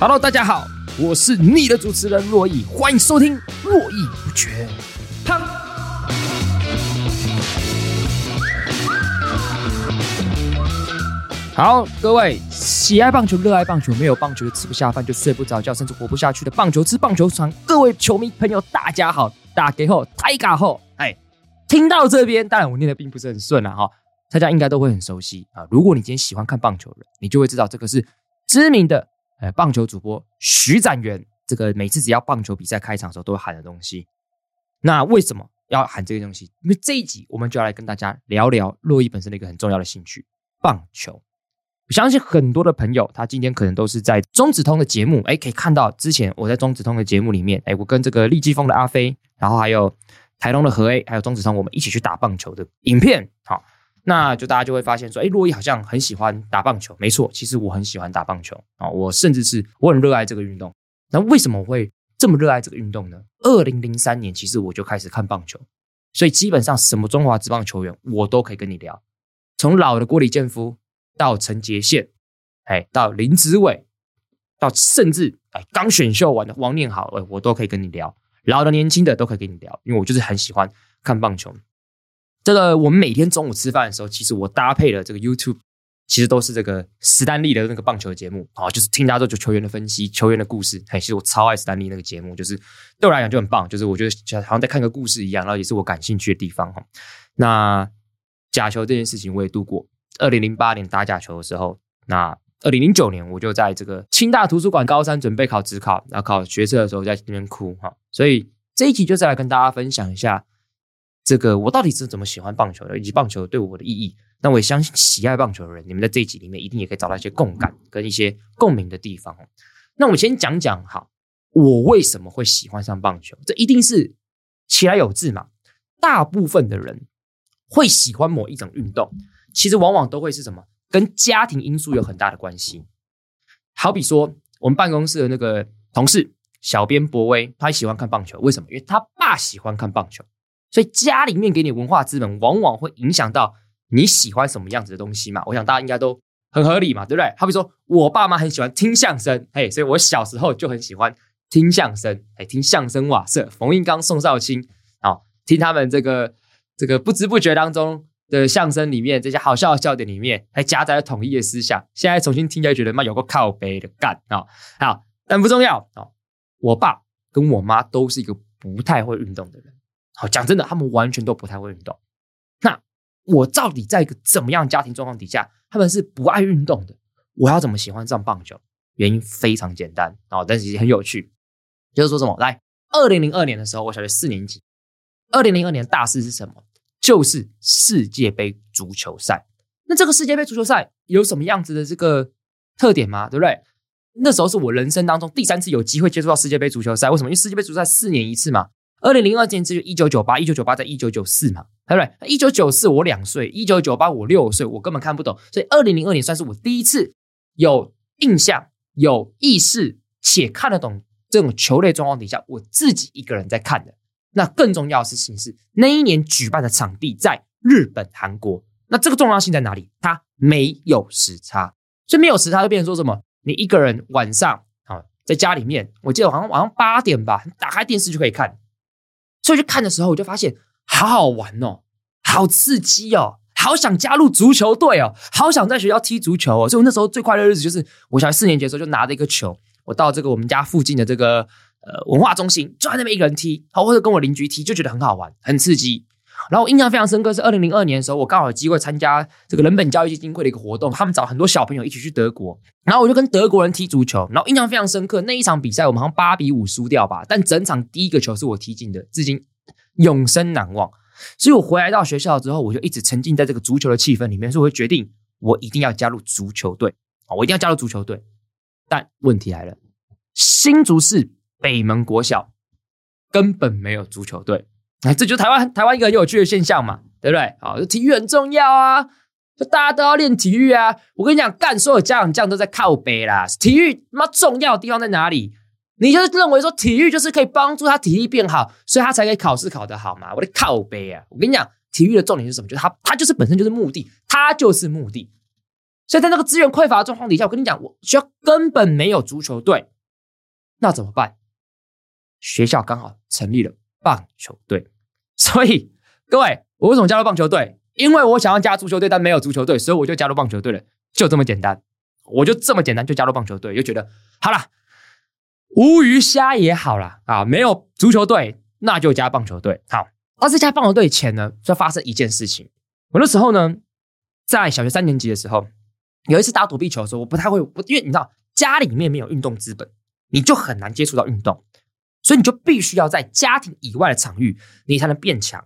Hello，大家好，我是你的主持人珞亦，歡迎收聽《珞亦不絕》。好，各位喜愛棒球、熱愛棒球，沒有棒球就吃不下飯、就睡不着覺，甚至活不下去的棒球，吃棒球穿。各位球迷朋友，大家好，打給後打給後，哎，聽到這邊，當然我念的並不是很順啦，哈，大家應該都會很熟悉啊。如果你今天喜歡看棒球人，你就會知道這個是知名的。哎，棒球主播徐展元，這個每次只要棒球比賽開場的時候都會喊的東西。那為什麼要喊這個東西？因為這一集我們就要來跟大家聊聊珞亦本身的一個很重要的興趣——棒球。我相信很多的朋友，他今天可能都是在中指通的節目，哎，可以看到之前我在中指通的節目裡面，哎，我跟這個利基峰的阿飛，然後還有台龍的何 A，還有中指通，我們一起去打棒球的影片，好、哦。那就大家就會發現說，誒，洛伊好像很喜歡打棒球。沒錯，其實我很喜歡打棒球啊、哦，我甚至是我很熱愛這個運動。那為什麼我會這麼熱愛這個運動呢？二零零三年，其實我就開始看棒球，所以基本上什麼中華職棒球員，我都可以跟你聊。從老的郭李建夫到陳傑憲，哎，到林志偉，到甚至哎剛選秀完的王念豪，哎，我都可以跟你聊。老的、年輕的都可以跟你聊，因為我就是很喜歡看棒球。這個我們每天中午吃飯的時候，其實我搭配的這個 YouTube，其實都是這個史丹利的那個棒球的節目啊，就是聽大家做球球員的分析、球員的故事。哎，其實我超愛史丹利那個節目，就是對我來講就很棒，就是我覺得就好像在看個故事一樣，然後也是我感興趣的地方哈。那假球這件事情，我也度過。二零零八年打假球的時候，那二零零九年我就在這個清大圖書館高三準備考指考，然後考學測的時候在那邊哭哈。所以這一集就再來跟大家分享一下，這個我到底是怎麼喜歡棒球的，以及棒球對我的意義？那我也相信喜愛棒球的人，你們在這一集裡面一定也可以找到一些共感跟一些共鳴的地方。那我先講講，哈，我為什麼會喜歡上棒球，這一定是其來有自嘛。大部分的人會喜歡某一種運動，其實往往都會是什麼，跟家庭因素有很大的關係。好比說，我們辦公室的那個同事，小編博威，他喜歡看棒球，為什麼？因為他爸喜歡看棒球。所以家裡面給你文化資本，往往會影響到你喜歡什麼樣子的東西嘛？我想大家應該都很合理嘛，對不對？好比說我爸媽很喜歡聽相聲，嘿，所以我小時候就很喜歡聽相聲，哎、欸，聽相聲瓦舍，馮翊綱、宋少卿，哦，聽他們這個這個不知不覺當中的相聲裡面這些好笑的笑點裡面，還夾雜著統一的思想，現在重新聽起來覺得媽有個靠北的幹啊，好、哦，但不重要哦。我爸跟我媽都是一個不太會運動的人。好，講真的，他們完全都不太會運動。那我到底在一個怎麼樣的家庭狀況底下，他們是不愛運動的？我要怎麼喜歡上棒球？原因非常簡單啊、哦，但是也很有趣，就是說什麼？來，二零零二年的時候，我小學四年級。二零零二年的大事是什麼？就是世界杯足球賽。那這個世界杯足球賽有什麼樣子的這個特點嗎？對不對？那時候是我人生當中第三次有機會接觸到世界杯足球賽。為什麼？因為世界杯足球賽四年一次嘛。二零零二年只有一九九八，一九九八在一九九四嘛，對不對？一九九四我兩歲，一九九八我六歲，我根本看不懂。所以二零零二年算是我第一次有印象、有意識且看得懂這種球類狀況底下，我自己一個人在看的。那更重要的事情是，那一年舉辦的場地在日本、韓國。那這個重要性在哪裡？它沒有時差，所以沒有時差就變成說什麼？你一個人晚上啊，在家裡面，我記得好像晚上八點吧，打開電視就可以看。所以去看的時候，我就發現好好玩哦，好刺激哦，好想加入足球隊哦，好想在學校踢足球哦。所以我那時候最快樂的日子，就是我小學四年級的時候，就拿着一個球，我到這個我們家附近的這個呃文化中心，就在那邊一個人踢，好，或者跟我鄰居踢，就覺得很好玩，很刺激。然後我印象非常深刻是二零零二年的時候，我剛好有機會參加這個人本教育基金會的一個活動，他們找很多小朋友一起去德國，然後我就跟德國人踢足球，然後印象非常深刻，那一場比賽我們好像八比五輸掉吧，但整場第一個球是我踢進的，至今永生難忘。所以我回來到學校之後，我就一直沉浸在這個足球的氣氛裡面，所以我就決定我一定要加入足球隊，我一定要加入足球隊。但問題來了，新竹市北門國小根本沒有足球隊。哎，這就是台灣台灣一個很有趣的現象嘛，對不對？好、哦，體育很重要啊，就大家都要練體育啊。我跟你講，幹，所有家長這樣都在靠北啦。體育他媽，重要的地方在哪裡？你就是認為說體育就是可以幫助他體力變好，所以他才可以考試考得好嘛？我的靠北啊！我跟你講，體育的重點是什麼？就是他，他就是本身就是目的，他就是目的。所以在那個資源匱乏的狀況底下，我跟你講，我學校根本沒有足球隊，那怎麼辦？學校剛好成立了棒球隊，所以各位，我為什麼加入棒球隊？因為我想要加足球隊，但沒有足球隊，所以我就加入棒球隊了，就這麼簡單。我就這麼簡單就加入棒球隊，就覺得好啦，無魚蝦也好啦啊。沒有足球隊，那就加棒球隊。好，但是加棒球隊前呢，就發生一件事情。我那時候呢，在小學三年級的時候，有一次打躲避球的時候，我不太會，我因為你知道，家裡面沒有運動資本，你就很難接觸到運動。所以你就必須要在家庭以外的場域，你才能變強。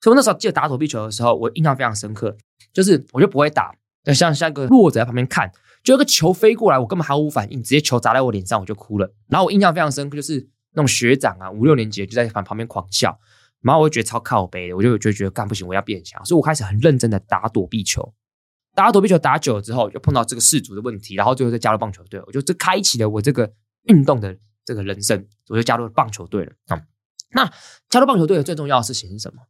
所以我那時候記得打躲避球的時候，我印象非常深刻，就是我就不會打，就像像一個弱者在旁邊看，就一個球飛過來，我根本毫無反應，直接球砸在我臉上，我就哭了。然後我印象非常深刻，就是那種學長啊，五六年級就在旁邊狂笑，然後我就覺得超靠北的，我就覺得覺得幹不行，我要變強，所以我開始很認真的打躲避球。打躲避球打久了之後，就碰到這個世足的問題，然後最後再加入棒球隊，我就這開啟了我這個運動的。這個人生，我就加入棒球隊了啊、嗯！那加入棒球隊的最重要的事情是什麼？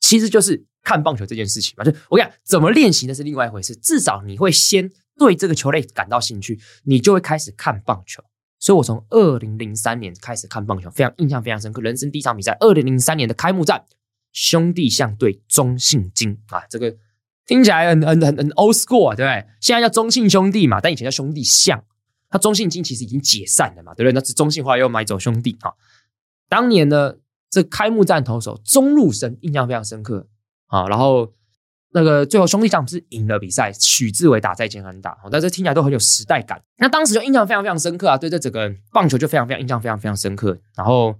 其實就是看棒球這件事情嘛。就我跟你講，怎麼練習那是另外一回事。至少你會先對這個球類感到興趣，你就會開始看棒球。所以我從二零零三年開始看棒球，非常印象非常深刻。人生第一場比賽，二零零三年的開幕戰，兄弟象對中信金啊，這個聽起來很很很很 old school，對不對？現在叫中信兄弟嘛，但以前叫兄弟象。那中信金其實已經解散了嘛，對不對？那是中信化又買走兄弟啊。當年呢，這開幕戰投手中路生印象非常深刻啊。然後那個最後兄弟他不是贏了比賽，許志偉打在前很打、啊，但是聽起來都很有時代感。那當時就印象非常非常深刻啊，對這整個棒球就非常非常印象非常非常深刻。然後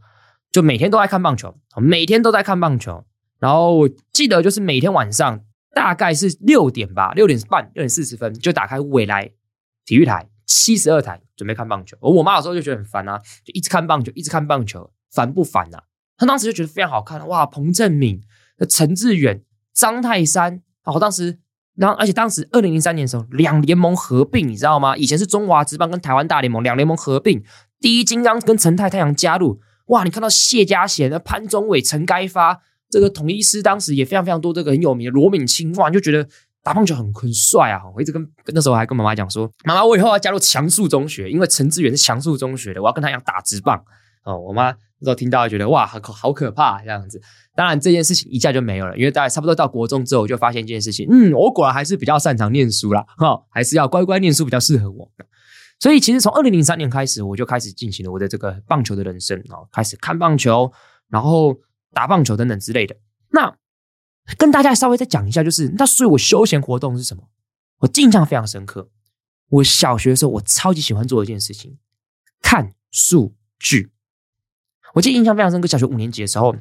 就每天都在看棒球，啊、每天都在看棒球。然後我記得就是每天晚上大概是六點吧，六點半、六點四十分就打開緯來體育台。七十二台準備看棒球，而我媽有時候就覺得很煩啊，就一直看棒球，一直看棒球，煩不煩啊？她當時就覺得非常好看，哇！彭政閔、陳致遠、張泰山然後、哦、當時，然後而且當時二零零三年的時候，兩聯盟合併，你知道嗎？以前是中華職棒跟台灣大聯盟，兩聯盟合併，第一金剛跟誠泰太陽加入，哇！你看到謝佳賢、潘宗偉、陳該發這個統一獅，當時也非常非常多這個很有名的羅敏卿，哇，你就覺得。打棒球很很帥啊！我一直跟那時候還跟媽媽講說：“媽媽，我以後要加入強恕中學，因為陳志遠是強恕中學的，我要跟他一樣打職棒。”哦，我媽那時候聽到就覺得哇，好好可怕這樣子。當然這件事情一下就沒有了，因為大概差不多到國中之後，我就發現這件事情，嗯，我果然還是比較擅長念書啦，哈、哦，還是要乖乖念書比較適合我。所以其實從二零零三年開始，我就開始進行了我的這個棒球的人生哦，開始看棒球，然後打棒球等等之類的。那。跟大家稍微再講一下，就是那所以我休閒活動是什麼？我印象非常深刻。我小學的時候，我超級喜歡做一件事情，看數據。我記得印象非常深刻，小學五年級的時候，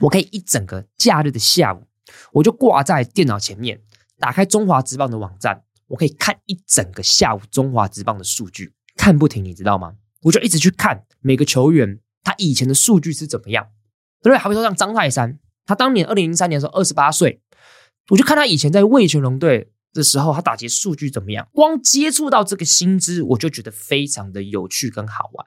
我可以一整個假日的下午，我就掛在電腦前面，打開《中華職棒》的網站，我可以看一整個下午《中華職棒》的數據，看不停，你知道嗎？我就一直去看每個球員他以前的數據是怎麼樣，對不對？還會說像張泰山。他當年二零零三年的時候，二十八歲，我就看他以前在味全龍隊的時候，他打擊數據怎麼樣？光接觸到這個薪資，我就覺得非常的有趣跟好玩。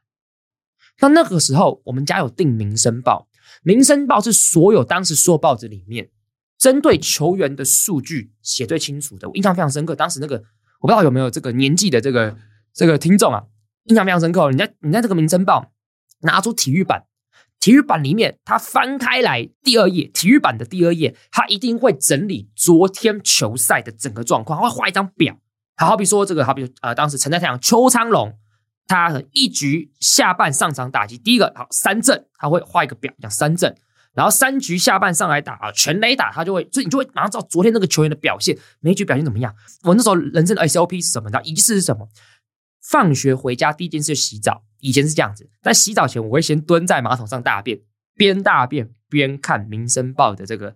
那那個時候，我們家有訂《民生報》，《民生報》是所有當時所有報紙裡面針對球員的數據寫最清楚的。我印象非常深刻。當時那個我不知道有沒有這個年紀的這個這個聽眾啊，印象非常深刻。人家人家這個《民生報》拿出體育版。體育版裡面，他翻開來第二頁，體育版的第二頁，他一定會整理昨天球賽的整個狀況，他會畫一張表。他好，好比說，這個好比呃，當時陳在太陽邱昌龍他一局下半上場打擊第一個好三振，他會畫一個表講三振，然後三局下半上來打全壘打，他就會，所以你就會馬上知道昨天那個球員的表現，每一局表現怎麼樣。我那時候人生的 SOP 是什麼？然後儀式是什麼？放學回家第一件事洗澡，以前是這樣子，在洗澡前我會先蹲在馬桶上大便，邊大便邊看《民生報》的這個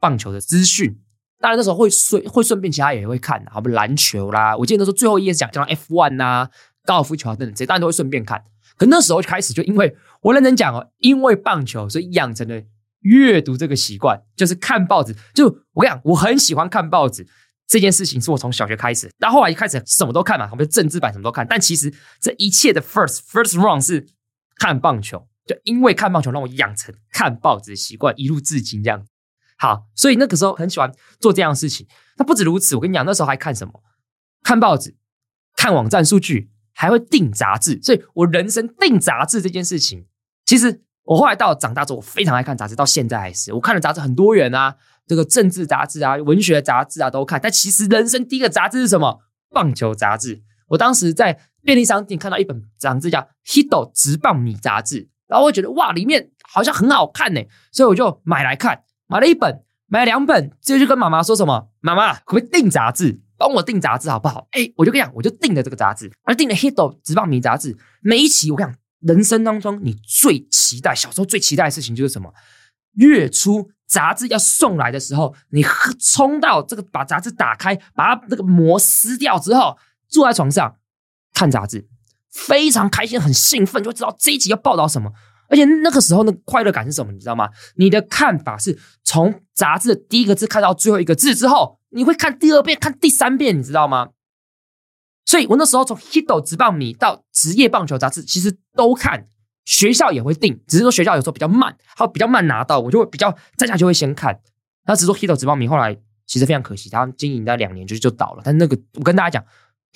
棒球的資訊。當然那時候會順會順便其他也會看、啊，好比籃球啦。我記得那時候最後一頁講講 F1 吶，高爾夫球啊等等，這當然都會順便看。可那時候開始就因為我認真講哦，因為棒球所以養成了閱讀這個習慣，就是看報紙。就我跟你講，我很喜歡看報紙。這件事情是我從小學開始，到後來一開始什麼都看嘛，我們政治版什麼都看。但其實這一切的 first first run 是看棒球，就因為看棒球讓我養成看報紙的習慣，一路至今這樣。好，所以那個時候很喜歡做這樣的事情。那不止如此，我跟你講，那時候還看什麼？看報紙，看網站數據，還會訂雜誌。所以，我人生訂雜誌這件事情，其實我後來到長大之後，我非常愛看雜誌，到現在還是。我看了雜志很多元啊。這個政治雜誌啊，文學雜誌啊，都看。但其實人生第一個雜誌是什麼？棒球雜誌。我當時在便利商店看到一本 Hito 雜誌叫《Hito 職棒迷雜誌》，然後我覺得哇，裡面好像很好看呢，欸，所以我就買來看，買了一本，買了兩本。直接就跟媽媽說什麼：“媽媽，可不可以訂雜誌？幫我訂雜誌好不好？”哎，欸，我就跟你講，我就訂了這個雜誌，而訂了《Hito 職棒迷雜誌》。每一期，我跟你講，人生當中你最期待，小時候最期待的事情就是什麼？月初。雜誌要送來的時候，你衝到這個，把雜誌打開，把它那個膜撕掉之後，坐在床上看雜誌，非常開心，很興奮，就會知道這一集要報道什麼。而且那個時候的快樂感是什麼？你知道嗎？你的看法是，從雜誌的第一個字看到最後一個字之後，你會看第二遍，看第三遍，你知道嗎？所以我那時候從《Hito》職棒迷到職業棒球雜誌，其實都看。學校也會訂，只是說學校有時候比較慢，好，比較慢拿到，我就會比較在家就會先看。那只是說 Hito 職棒迷後來其實非常可惜，它經營了兩年就就倒了。但是那個我跟大家講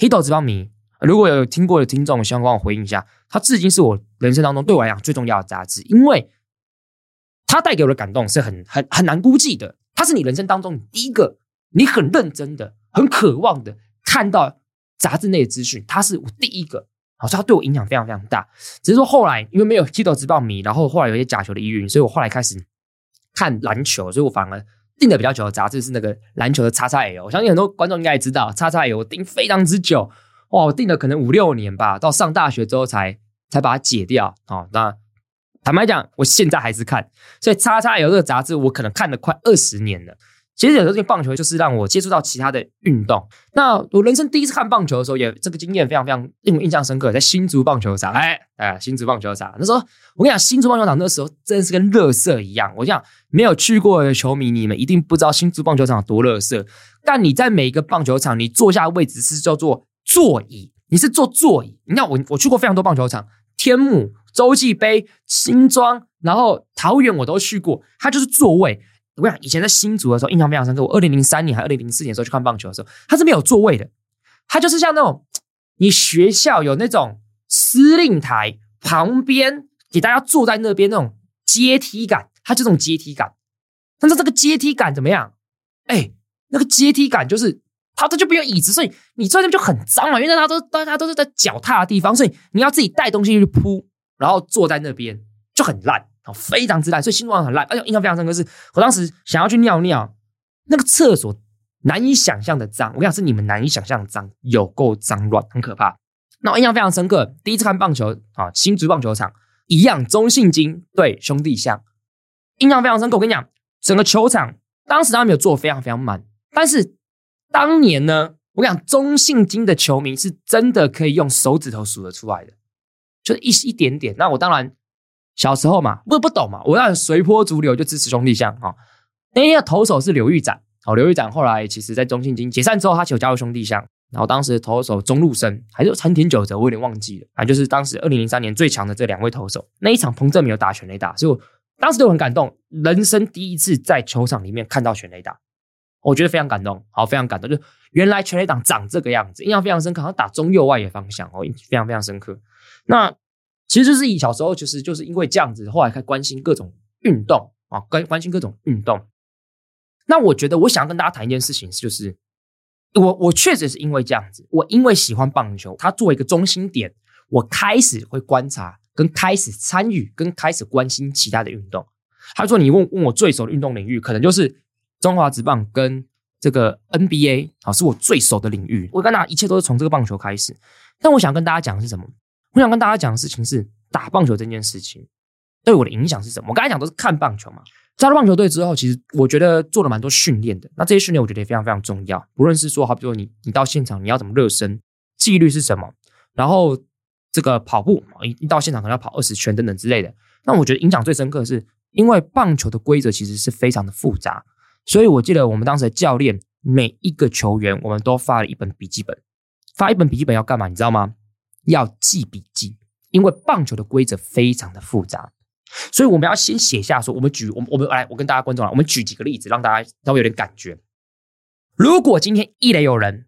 ，Hito 職棒迷如果有聽過的聽眾，希望幫我回應一下，它至今是我人生當中對我來講最重要的雜誌，因為它帶給我的感動是很很很難估計的。它是你人生當中第一個，你很認真的、很渴望的看到雜誌內的資訊，它是我第一個。哦，所以它對我影響非常非常大。只是說後來因為沒有街頭只爆迷，然後後來有一些假球的疑雲，所以我後來開始看籃球，所以我反而訂的比較久的雜誌是那個籃球的 XXL。我相信很多觀眾應該也知道 XXL，XXL，我訂非常之久哇，我訂了可能五六年吧，到上大學之後才才把它解掉。哦，那坦白講，我現在還是看，所以 XXL 這個雜誌我可能看了快二十年了。其實有時候這個棒球就是讓我接觸到其他的運動。那我人生第一次看棒球的時候也，也這個經驗非常非常令我印象深刻。在新竹棒球場，哎哎、啊，新竹棒球場，那時候我跟你講，新竹棒球場那時候真的是跟垃圾一樣。我想，沒有去過的球迷，你們一定不知道新竹棒球場有多垃圾。但你在每一個棒球場，你坐下的位置是叫做座椅，你是坐座椅。你看我我去過非常多棒球場，天母、洲際杯、新莊，然後桃園我都去過，它就是座位。我想以前在新竹的時候，印象非常深刻。我二零零三年還二零零四年的時候去看棒球的時候，它是沒有座位的，它就是像那種你學校有那種司令台旁邊給大家坐在那邊那種階梯感，它就這種階梯感，但是這個階梯感怎麼樣？哎、欸，那個階梯感就是它它就沒有椅子，所以你坐在那邊就很髒嘛，因為大家都大家都是在腳踏的地方，所以你要自己帶東西去鋪，然後坐在那邊就很爛。哦、非常之爛，所以心中很爛，而、哎、且印象非常深刻是。是我當時想要去尿尿，那個廁所難以想象的髒。我跟你講，是你們難以想象的髒，有夠髒亂，很可怕。那我印象非常深刻。第一次看棒球啊，新竹棒球場，一樣中信金對兄弟象。印象非常深刻。我跟你講，整個球場當時他們有坐非常非常滿，但是當年呢，我跟你講，中信金的球迷是真的可以用手指頭數得出來的，就是一一點點。那我當然。小時候嘛，不不懂嘛，我讓隨波逐流就支持兄弟象。哈、哦。那一天的投手是劉玉展，哦，劉玉展後來其實，在中信鯨解散之後，他就加入兄弟象。然後當時投手中路生還是陳廷久哲，我有點忘記了，反、啊、正就是當時二零零三年最強的這兩位投手。那一場彭政閔有打全壘打，所以我當時就很感動，人生第一次在球場裡面看到全壘打，我覺得非常感動，好，非常感動。就原來全壘打長這個樣子，印象非常深刻。然後打中右外野方向哦，非常非常深刻。那。其實就是以小時候，其實就是因為這樣子，後來開始關心各種運動啊，關關心各種運動。那我覺得，我想要跟大家談一件事情，就是我我確實是因為這樣子，我因為喜歡棒球，它作為一個中心點，我開始會觀察，跟開始參與，跟開始關心其他的運動。他說：“你問問我最熟的運動領域，可能就是中華職棒跟這個 NBA，好是我最熟的領域。我跟大家一切都是從這個棒球開始。但我想跟大家講的是什麼？”我想跟大家講的事情是，打棒球這件事情對我的影響是什麼？我剛才講都是看棒球嘛。加入棒球隊之後，其實我覺得做了蠻多訓練的。那這些訓練我覺得也非常非常重要。不論是說，好比如說你你到現場你要怎麼熱身，紀律是什麼，然後這個跑步，你到現場可能要跑二十圈等等之類的。那我覺得影響最深刻的是，因為棒球的規則其實是非常的複雜，所以我記得我們當時的教練每一個球員，我們都發了一本筆記本，發一本筆記本要幹嘛？你知道嗎？要記筆記，因為棒球的規則非常的複雜，所以我們要先寫下說，我們舉我們我們來，我跟大家觀眾來，我們舉幾個例子讓大家稍微有點感覺。如果今天一壘有人，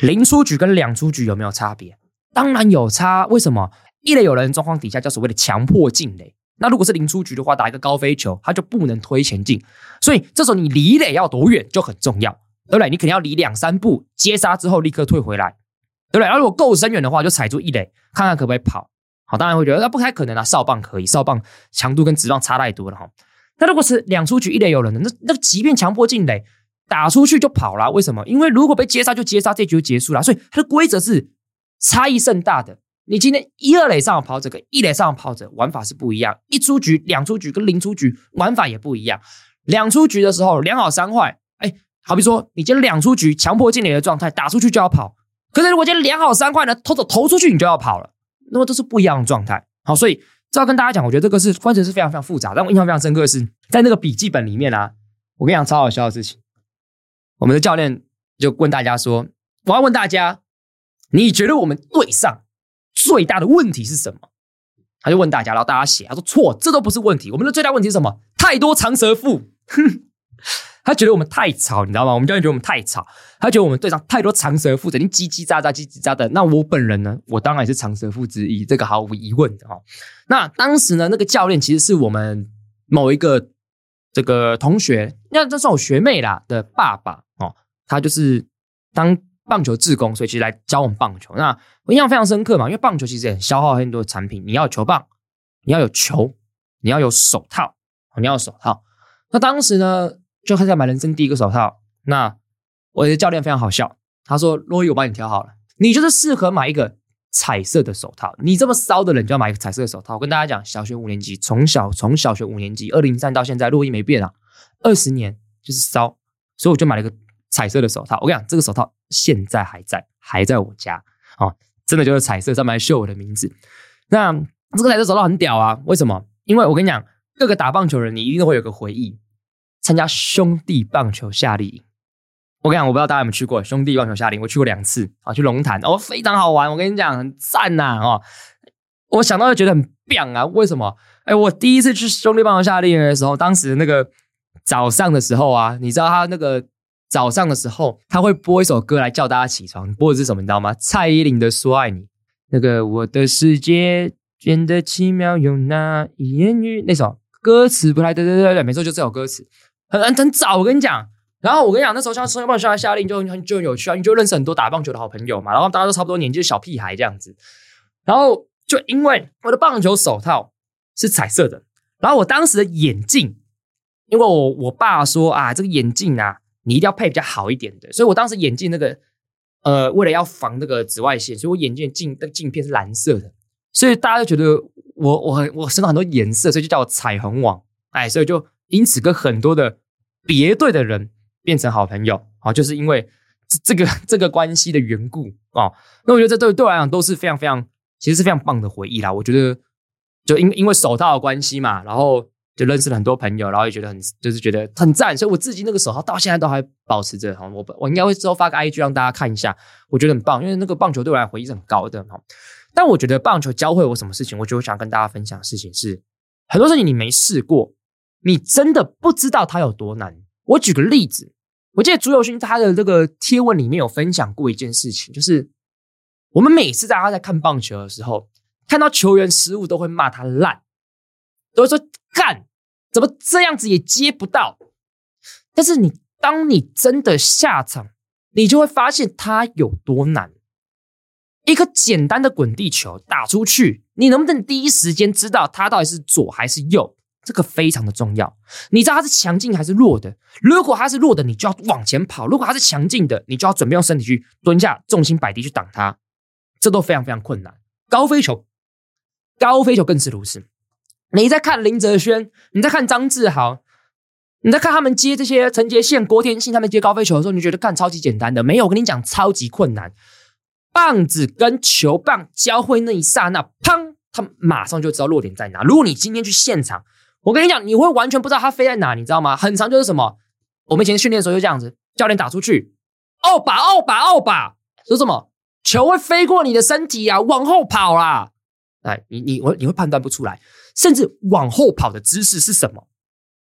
零出局跟兩出局有沒有差別？當然有差，為什麼？一壘有人的狀況底下叫所謂的強迫進壘，那如果是零出局的話，打一個高飛球，他就不能推前進，所以這時候你離壘要多遠就很重要。對不對？你肯定要離兩三步接殺之後立刻退回來。對，然後如果夠深遠的話，就踩住一壘，看看可不可以跑。好，當然會覺得那不太可能啊。少棒可以，少棒強度跟職棒差太多了哈。那如果是兩出局一壘有人的，那那即便強迫進壘，打出去就跑了。為什麼？因為如果被接殺就接殺，這局就結束了。所以它的規則是差異甚大的。你今天一二壘上的跑者跟一壘上的跑者玩法是不一樣，一出局、兩出局跟零出局玩法也不一樣。兩出局的時候，兩好三壞，哎，好比說你今天兩出局強迫進壘的狀態，打出去就要跑。可是，如果今天兩好三壞呢，投走投出去，你就要跑了。那麼，這是不一樣的狀態。好，所以這要跟大家講，我覺得這個是過程是非常非常複雜。但我印象非常深刻的是，在那個筆記本裡面啊，我跟你講超好笑的事情。我們的教練就問大家說：“我要問大家，你覺得我們隊上最大的問題是什麼？”他就問大家，然後大家寫，他說：“錯，這都不是問題。我們的最大問題是什麼？太多長舌婦。”哼。他覺得我們太吵，你知道嗎？我們教練覺得我們太吵，他覺得我們隊上太多長舌婦，整天嘰嘰喳喳、嘰嘰喳喳的。那我本人呢？我當然也是長舌婦之一，這個毫無疑問的哦。那當時呢，那個教練其實是我們某一個這個同學，那這算我學妹啦的爸爸哦，他就是當棒球志工，所以其實來教我們棒球。那我印象非常深刻嘛，因為棒球其實也很消耗很多的產品，你要有球棒，你要有球，你要有手套，你要有手套。那當時呢？就要開始買人生第一個手套。那我的教練非常好笑，他說：“珞亦，我幫你挑好了，你就是適合買一個彩色的手套。你這麼騷的人，就要買一個彩色的手套。”我跟大家講，小學五年級，從小從小學五年級二零零三到現在，珞亦沒變啊，二十年就是騷，所以我就買了一個彩色的手套。我跟你講，這個手套現在還在，還在我家啊、哦，真的就是彩色，上面繡我的名字。那這個彩色手套很屌啊，為什麼？因為我跟你講，各個打棒球的人，你一定會有個回憶。參加兄弟棒球夏令營，我跟你講，我不知道大家有沒有去過兄弟棒球夏令營，我去過兩次啊，去龍潭哦，非常好玩，我跟你講，很讚吶啊、哦！我想到就覺得很棒啊，為什麼？哎、欸，我第一次去兄弟棒球夏令營的時候，當時那個早上的時候啊，你知道他那個早上的時候他會播一首歌來叫大家起床，播的是什麼，你知道嗎？蔡依林的《說愛你》，那個我的世界變得奇妙有，有那一言語？那首歌詞不來的對對對對，沒錯，就是、這首歌詞。很很早，我跟你講，然後我跟你講，那時候像升棒球夏令營就很就很有趣啊，你就認識很多打棒球的好朋友嘛，然後大家都差不多年紀的小屁孩這樣子，然後就因為我的棒球手套是彩色的，然後我當時的眼鏡，因為我我爸說啊，這個眼鏡啊，你一定要配比較好一點的，所以我當時眼鏡那個呃，為了要防那個紫外線，所以我眼鏡的鏡的鏡片是藍色的，所以大家都覺得我我我身上很多顏色，所以就叫我彩虹網，哎，所以就因此跟很多的。別隊的人變成好朋友啊，就是因為這這個這個關係的緣故啊。那我覺得這對對我來講都是非常非常，其實是非常棒的回憶啦。我覺得就因因為手套的關係嘛，然後就認識了很多朋友，然後也覺得很就是覺得很讚。所以我自己那個手套到現在都還保持着哈。我我應該會之後發個 IG 讓大家看一下，我覺得很棒，因為那個棒球對我來回憶是很高的哈。但我覺得棒球教會我什麼事情，我就會想跟大家分享的事情是，很多事情你沒試過。你真的不知道它有多難。我舉個例子,我記得朱宥勳，他的那個貼文裡面有分享過一件事情，就是我們每次在他在看棒球的時候，看到球員失誤都會罵他爛，都會說，幹，怎麼這樣子也接不到。但是你當你真的下場，你就會發現他有多難。一個簡單的滾地球打出去，你能不能第一時間知道他到底是左還是右？這個非常的重要，你知道他是強勁還是弱的？如果他是弱的，你就要往前跑；如果他是強勁的，你就要準備用身體去蹲下、重心擺低去擋他。這都非常非常困難。高飛球、高飛球更是如此。你在看林哲軒，你在看張志豪，你在看他們接這些陳傑憲、郭天信他們接高飛球的時候，你覺得看超級簡單的？沒有，我跟你講，超級困難。棒子跟球棒交匯那一剎那，砰！他馬上就知道落點在哪。如果你今天去現場，我跟你講，你會完全不知道它飛在哪，你知道嗎？很常就是什麼，我們以前訓練的時候就這樣子，教練打出去，哦吧哦吧哦吧，說什麼球會飛過你的身體啊，往後跑啦、啊！哎，你你我你會判斷不出來，甚至往後跑的姿勢是什麼，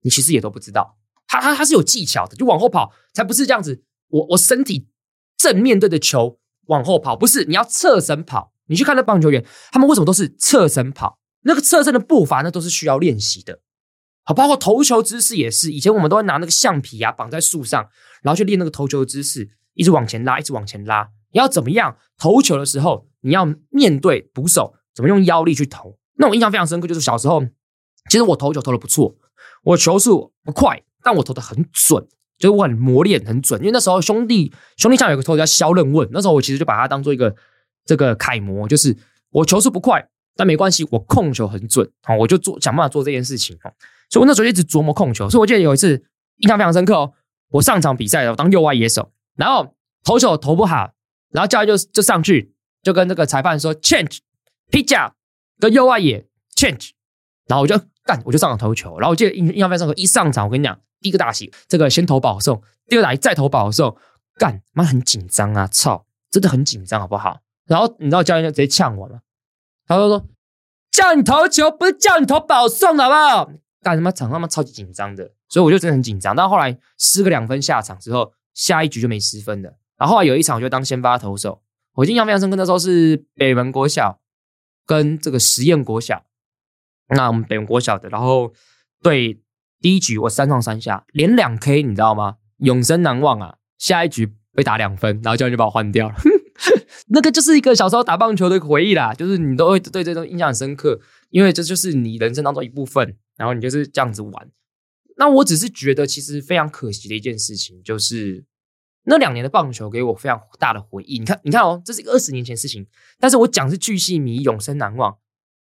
你其實也都不知道。它它它是有技巧的，就往後跑才不是這樣子。我我身體正面對著球往後跑，不是你要側身跑。你去看那棒球員，他們為什麼都是側身跑？那個側身的步伐呢，那都是需要練習的。好，包括投球姿勢也是。以前我們都會拿那個橡皮啊，綁在樹上，然後去練那個投球姿勢，一直往前拉，一直往前拉。你要怎麼樣投球的時候，你要面對捕手，怎麼用腰力去投？那我印象非常深刻，就是小時候，其實我投球投的不錯，我球速不快，但我投的很準，就是我很磨練很準。因為那時候兄弟兄弟象有個投手叫蕭任汶，那時候我其實就把他當做一個這個楷模，就是我球速不快。但沒關係，我控球很準啊！我就做想辦法做這件事情哦，所以，我那時候一直琢磨控球。所以，我記得有一次印象非常深刻哦。我上場比賽，我當右外野手，然後投球投不好，然後教練就就上去就跟那個裁判說：“change，pitcher 跟右外野 change。”然後我就幹，我就上場投球。然後我記得印印象非常深刻，一上場我跟你講，第一個打席，這個先投保送；第二個打席再投保送。幹，媽很緊張啊，操，真的很緊張，好不好？然後你知道教練就直接嗆我了。他說叫你投球，不是叫你投保送，好不好？幹什麼場上？那麼超級緊張的，所以我就真的很緊張。但後來失個兩分下場之後，下一局就沒失分了。然後後來有一場，我就當先發投手。我印象非常深刻，那時候是北門國小跟這個實驗國小，那我們北門國小的。然後對第一局我三上三下連兩 K，你知道嗎？永生難忘啊！下一局被打兩分，然後教練就把我換掉了。 那個就是一個小時候打棒球的回憶啦，就是你都會對這種印象很深刻，因為這就是你人生當中一部分。然後你就是這樣子玩。那我只是覺得，其實非常可惜的一件事情，就是那兩年的棒球給我非常大的回憶。你看，你看哦，這是一個二十年前的事情，但是我講的是巨細靡，永生難忘。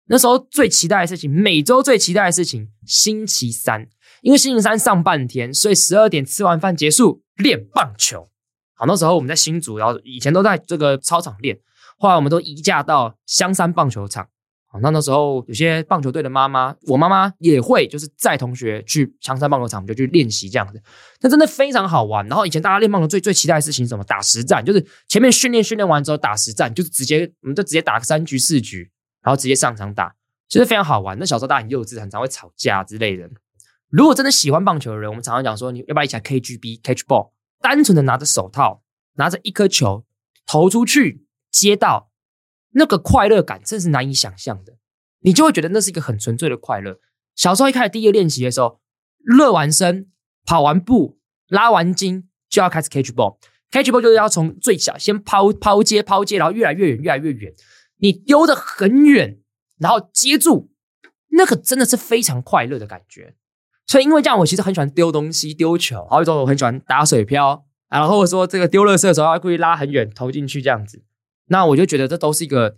那時候最期待的事情，每周最期待的事情，星期三，因為星期三上半天，所以十二點吃完飯結束，練棒球。好，那時候我們在新竹，然後以前都在這個操場練，後來我們都移駕到香山棒球場。好，那那時候有些棒球隊的媽媽，我媽媽也會就是載同學去香山棒球場，我們就去練習這樣子。那真的非常好玩。然後以前大家練棒球最最期待的事情是什麼？打實戰，就是前面訓練訓練完之後打實戰，就是直接我們就直接打三局四局，然後直接上場打，其實非常好玩。那小時候大家很幼稚，很常會吵架之類的。如果真的喜歡棒球的人，我們常常講說，你要不要一起來 KGB catch ball？單純的拿着手套，拿着一顆球投出去，接到那個快樂感，真是難以想象的。你就會覺得那是一個很純粹的快樂。小時候一開始第一個練習的時候，熱完身、跑完步、拉完筋，就要開始 catch ball。Catch ball 就是要從最小先拋拋接拋接，然後越來越遠，越來越遠。你丟得很遠，然後接住，那個真的是非常快樂的感覺。所以，因為這樣，我其實很喜歡丟東西、丟球，好比說我很喜歡打水漂，然後或者說這個丟垃圾的時候，要故意拉很遠投進去這樣子。那我就覺得這都是一個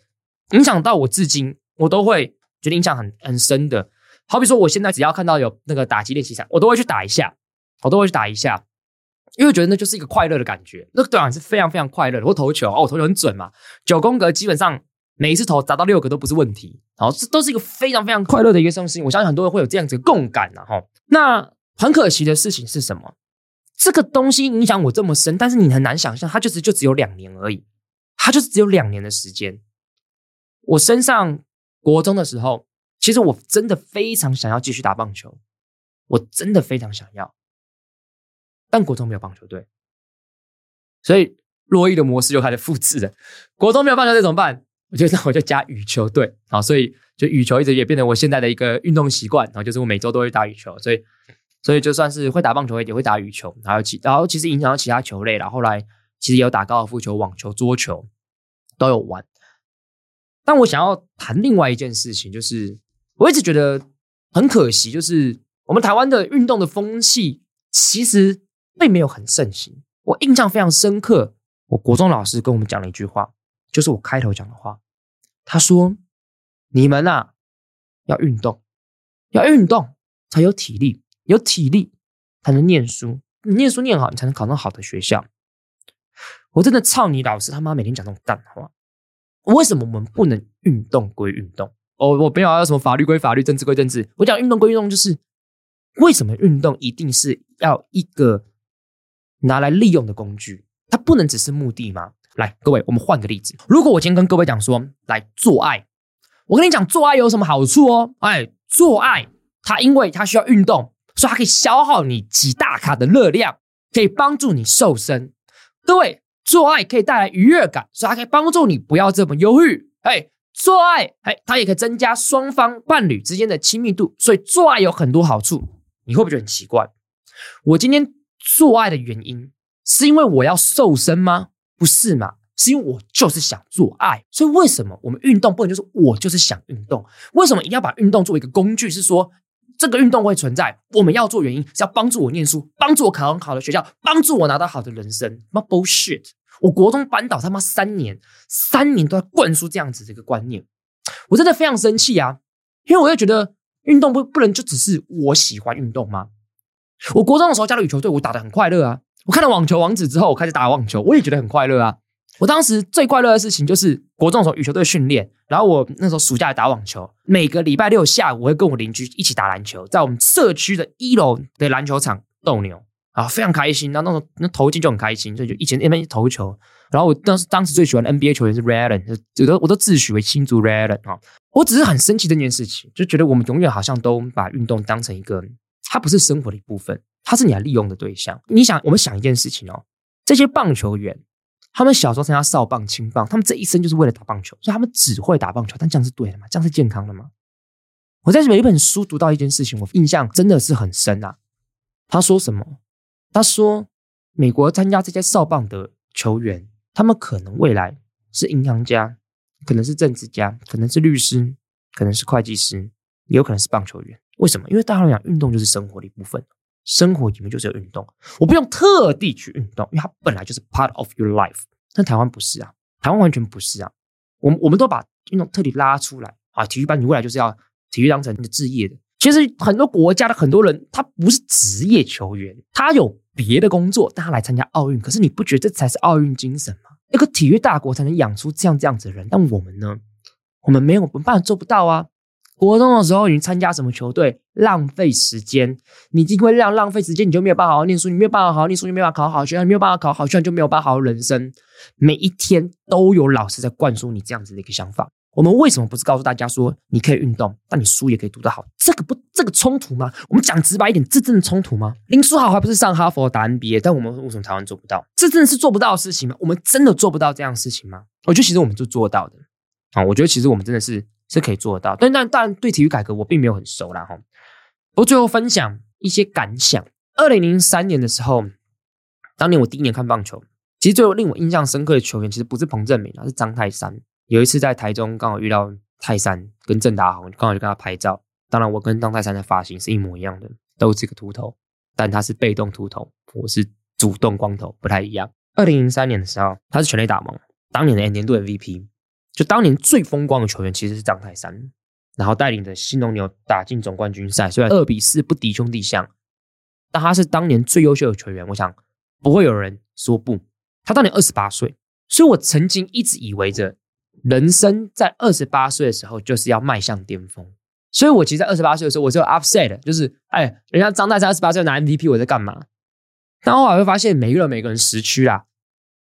影響到我至今，我都會覺得影響很很深的。好比說，我現在只要看到有那個打擊練習場，我都會去打一下，我都會去打一下，因為我覺得那就是一個快樂的感覺。那個對啊，是非常非常快樂的。我投球哦，我投球很準嘛，九宮格基本上，每一次投砸到六個都不是問題，好，這都是一個非常非常快樂的一個事情。我相信很多人會有這樣子的共感吶、啊，哈。那很可惜的事情是什麼？這個東西影響我這麼深，但是你很難想象，它就是就只有兩年而已，它就是只有兩年的時間。我升上國中的時候，其實我真的非常想要繼續打棒球，我真的非常想要，但國中沒有棒球隊，所以珞亦的模式就開始複製了。國中沒有棒球隊怎麼辦？我就那我就加羽球隊，啊，所以就羽球一直也變成我現在的一個運動習慣，然後就是我每週都會打羽球，所以所以就算是會打棒球，也會打羽球，然後其然後其實影響到其他球類，然後來其實也有打高爾夫球、網球、桌球都有玩。但我想要談另外一件事情，就是我一直覺得很可惜，就是我們台灣的運動的風氣其實並沒有很盛行。我印象非常深刻，我國中老師跟我們講了一句話。就是我開頭講的話，他說：“你們吶、啊，要運動，要運動才有體力，有體力才能念書。你念書念好，你才能考上好的學校。”我真的操你老師他媽！每天講這種蛋話，為什麼我們不能運動歸運動？哦，我不要，要什麼法律歸法律，政治歸政治。我講運動歸運動，就是為什麼運動一定是要一個拿來利用的工具？它不能只是目的嗎？來，各位，我們換個例子。如果我今天跟各位講說，來做愛，我跟你講，做愛有什麼好處哦？哎，做愛，它因為它需要運動，所以它可以消耗你幾大卡的熱量，可以幫助你瘦身。各位，做愛可以帶來愉悅感，所以它可以幫助你不要這麼憂鬱。哎，做愛，哎，它也可以增加雙方伴侶之間的親密度。所以做愛有很多好處。你會不會覺得很奇怪？我今天做愛的原因是因為我要瘦身嗎？不是嘛？是因為我就是想做愛，所以為什麼我們運動不能就是我就是想運動？為什麼一定要把運動作為一個工具？是說這個運動會存在，我們要做原因是要幫助我念書，幫助我考上好的學校，幫助我拿到好的人生？媽 bullshit！我國中班導他媽三年，三年都在灌輸這樣子的一個觀念，我真的非常生氣啊！因為我就覺得運動不不能就只是我喜歡運動嗎？我國中的時候加入羽球隊，我打得很快樂啊。我看了《網球王子》之後，我開始打網球，我也覺得很快樂啊！我當時最快樂的事情就是國中的時候羽球隊訓練，然後我那時候暑假打網球，每個禮拜六下午我會跟我鄰居一起打籃球，在我們社區的一樓的籃球場鬥牛啊，非常開心。然後那時候那投進就很開心，所以就以前那邊投球。然後我當時當時最喜歡 NBA 球員是 Ray Allen，我都我都自詡為新竹 Ray Allen 啊！我只是很生氣這件事情，就覺得我們永遠好像都把運動當成一個，它不是生活的一部分。他是你要利用的對象。你想，我們想一件事情哦，這些棒球員，他們小時候參加少棒、青棒，他們這一生就是為了打棒球，所以他們只會打棒球。但這樣是對的嗎？這樣是健康的嗎？我在這裡有一本書讀到一件事情，我印象真的是很深啊。他說什麼？他說，美國參加這些少棒的球員，他們可能未來是銀行家，可能是政治家，可能是律師，可能是會計師，也有可能是棒球員。為什麼？因為大家都講，運動就是生活的一部分。生活裡面就是有運動，我不用特地去運動，因為它本來就是 part of your life。但台灣不是啊，台灣完全不是啊。我們我們都把運動特地拉出來啊，體育班你未來就是要體育當成你的職業的。其實很多國家的很多人，他不是職業球員，他有別的工作，但他來參加奧運。可是你不覺得這才是奧運精神嗎？一個體育大國才能養出這樣這樣子的人。但我們呢，我們沒有，我們辦法做不到啊。活動的時候，你參加什麼球隊？浪費時間。你因為浪浪費時間，你就沒有辦法好好念書。你沒有辦法好好念書，你沒有辦法考好學校。你沒有辦法考好學校，就沒有辦法好好人生。每一天都有老師在灌輸你這樣子的一個想法。我們為什麼不是告訴大家說你可以運動，但你書也可以讀得好？這個不，這個衝突嗎？我們講直白一點，這真的衝突嗎？林書豪還不是上哈佛打 NBA，但我們為什麼台灣做不到？這真的是做不到的事情嗎？我們真的做不到這樣的事情嗎？我覺得其實我們就做到的啊。我覺得其實我們真的是。是可以做得到，但但但對體育改革我並沒有很熟啦哈。我最後分享一些感想。二零零三年的時候，當年我第一年看棒球，其實最後令我印象深刻的球員其實不是彭政閔、啊，而是張泰山。有一次在台中剛好遇到泰山跟鄭達鴻，剛好就跟他拍照。當然我跟張泰山的髮型是一模一樣的，都是個禿頭，但他是被動禿頭，我是主動光頭，不太一樣。二零零三年的時候，他是全壘打王，當年的年度 MVP。就當年最風光的球員其實是張泰山，然後帶領着興農牛，打進總冠軍賽，雖然二比四不敵兄弟象，但他是當年最優秀的球員，我想不會有人說不。他當年二十八歲，所以我曾經一直以為着人生在二十八歲的時候就是要邁向巔峰，所以我其實在二十八歲的時候，我就有 upset，就是哎，人家張泰山二十八歲拿 MVP，我在幹嘛？但後來會發現，每個人每個人時區啊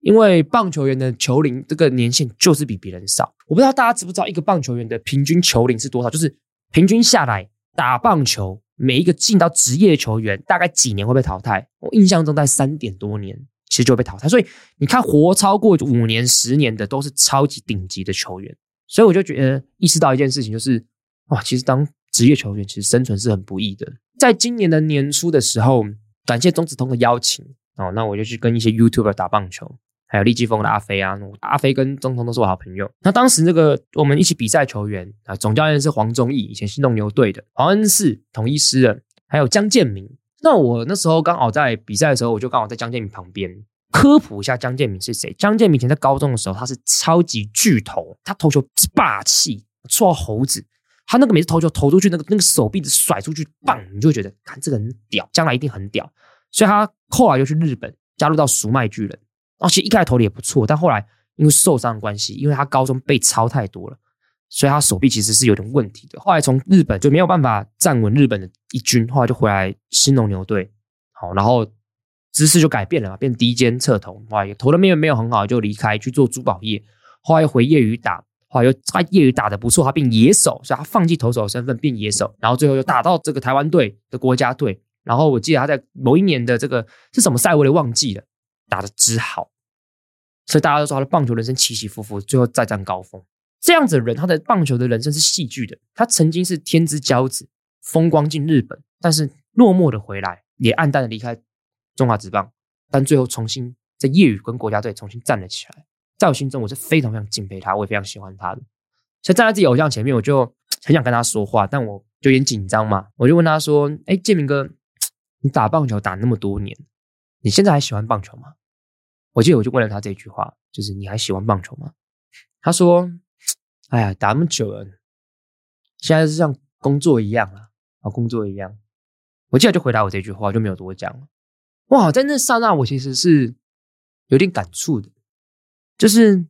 因為棒球員的球齡這個年限就是比別人少，我不知道大家知不知道一個棒球員的平均球齡是多少？就是平均下來打棒球，每一個進到職業球員大概幾年會被淘汰？我印象中在三點多年，其實就被淘汰。所以你看活超過五年、十年的都是超級頂級的球員。所以我就覺得意識到一件事情，就是哇，其實當職業球員其實生存是很不易的。在今年的年初的時候，感謝宗子通的邀請哦，那我就去跟一些 YouTuber 打棒球。還有立基風的阿飛啊，阿飛跟中通都是我好朋友。那當時那個我們一起比賽球員啊，總教練是黃忠義，以前是弄牛隊的黃恩賜，統一獅人，還有江建明。那我那時候剛好在比賽的時候，我就剛好在江建明旁邊，科普一下江建明是誰。江建明以前在高中的時候，他是超級巨頭，他投球霸氣，綽號猴子。他那個每次投球投出去，那個那個手臂子甩出去，棒你就會覺得看這個人很屌，將來一定很屌。所以他後來就去日本加入到熟麥巨人。然、啊、後其實一開始投的也不錯，但後來因為受傷的關係，因為他高中被操太多了，所以他手臂其實是有點問題的。後來從日本就沒有辦法站穩日本的一軍，後來就回來興農牛隊。好，然後姿勢就改變了，變低肩側投。哇，也投的命也沒有很好，就離開去做珠寶業。後來又回業餘打，後來又他業餘打的不錯，他變野手，所以他放棄投手的身份變野手，然後最後又打到這個台灣隊的國家隊。然後我記得他在某一年的這個是什麼賽我也忘記了。打得之好，所以大家都說他的棒球人生起起伏伏，最後再戰高峰。這樣子的人，他的棒球的人生是戲劇的。他曾經是天之驕子，風光進日本，但是落寞的回來，也黯淡的離開中華職棒，但最後重新在業餘跟國家隊重新站了起來。在我心中，我是非常非常敬佩他，我也非常喜歡他的。所以站在自己偶像前面，我就很想跟他說話，但我就有點緊張嘛。我就問他說：“哎，建明哥，你打棒球打那麼多年，你現在還喜歡棒球嗎？”我記得我就問了他這句話，就是你還喜歡棒球嗎？他說：“哎呀，打那麼久了，現在是像工作一樣啊，啊，工作一樣。”我記得就回答我這句話，就沒有多講了。哇，在那剎那，我其實是有點感觸的，就是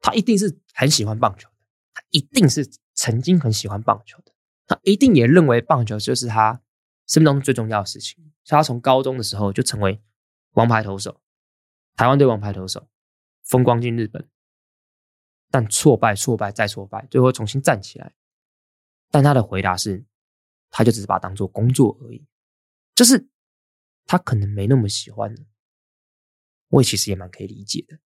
他一定是很喜歡棒球的，他一定是曾經很喜歡棒球的，他一定也認為棒球就是他生命當中最重要的事情，所以他從高中的時候就成為王牌投手。台灣隊王牌投手風光進日本，但挫敗、挫敗再挫敗，最後重新站起來。但他的回答是，他就只是把它當做工作而已。就是他可能沒那麼喜歡了。我也其實也蠻可以理解的。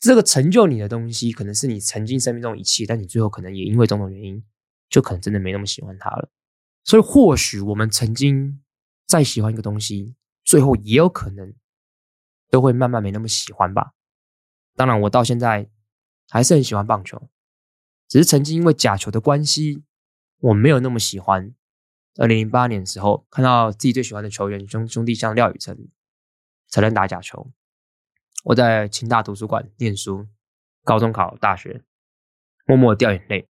這個成就你的東西，可能是你曾經生命中一切，但你最後可能也因為種種原因，就可能真的沒那麼喜歡他了。所以或許我們曾經再喜歡一個東西，最後也有可能，都會慢慢沒那麼喜歡吧。當然，我到現在還是很喜歡棒球，只是曾經因為假球的關係，我沒有那麼喜歡。二零零八年的時候，看到自己最喜歡的球員兄兄弟象廖宇辰，承認打假球。我在清大圖書館念書，高中考大學，默默掉眼淚。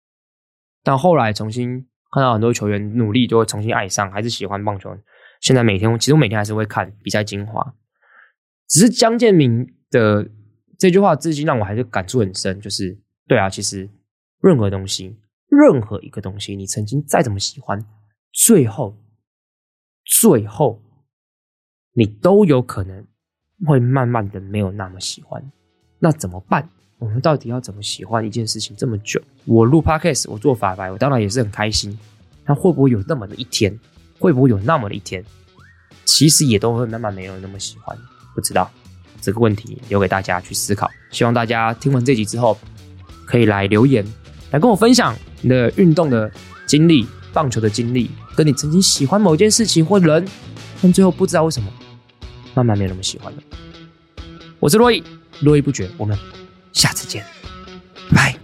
但後來重新看到很多球員努力，就會重新愛上，還是喜歡棒球。現在每天，其實我每天還是會看比賽精華。只是江建民的這句話至今讓我還是感觸很深，就是對啊，其實任何東西，任何一個東西，你曾經再怎麼喜歡，最後，最後，你都有可能會慢慢的沒有那麼喜歡。那怎麼辦？我們到底要怎麼喜歡一件事情這麼久？我錄 podcast，我做法白，我當然也是很開心。那會不會有那麼的一天？會不會有那麼的一天？其實也都會慢慢沒有那麼喜歡。不知道這個問題，留給大家去思考。希望大家聽完這集之後，可以來留言，來跟我分享你的運動的經歷、棒球的經歷，跟你曾經喜歡某件事情或人，但最後不知道為什麼慢慢沒那麼喜歡了。我是珞亦，珞亦不絕，我們下次見，拜拜。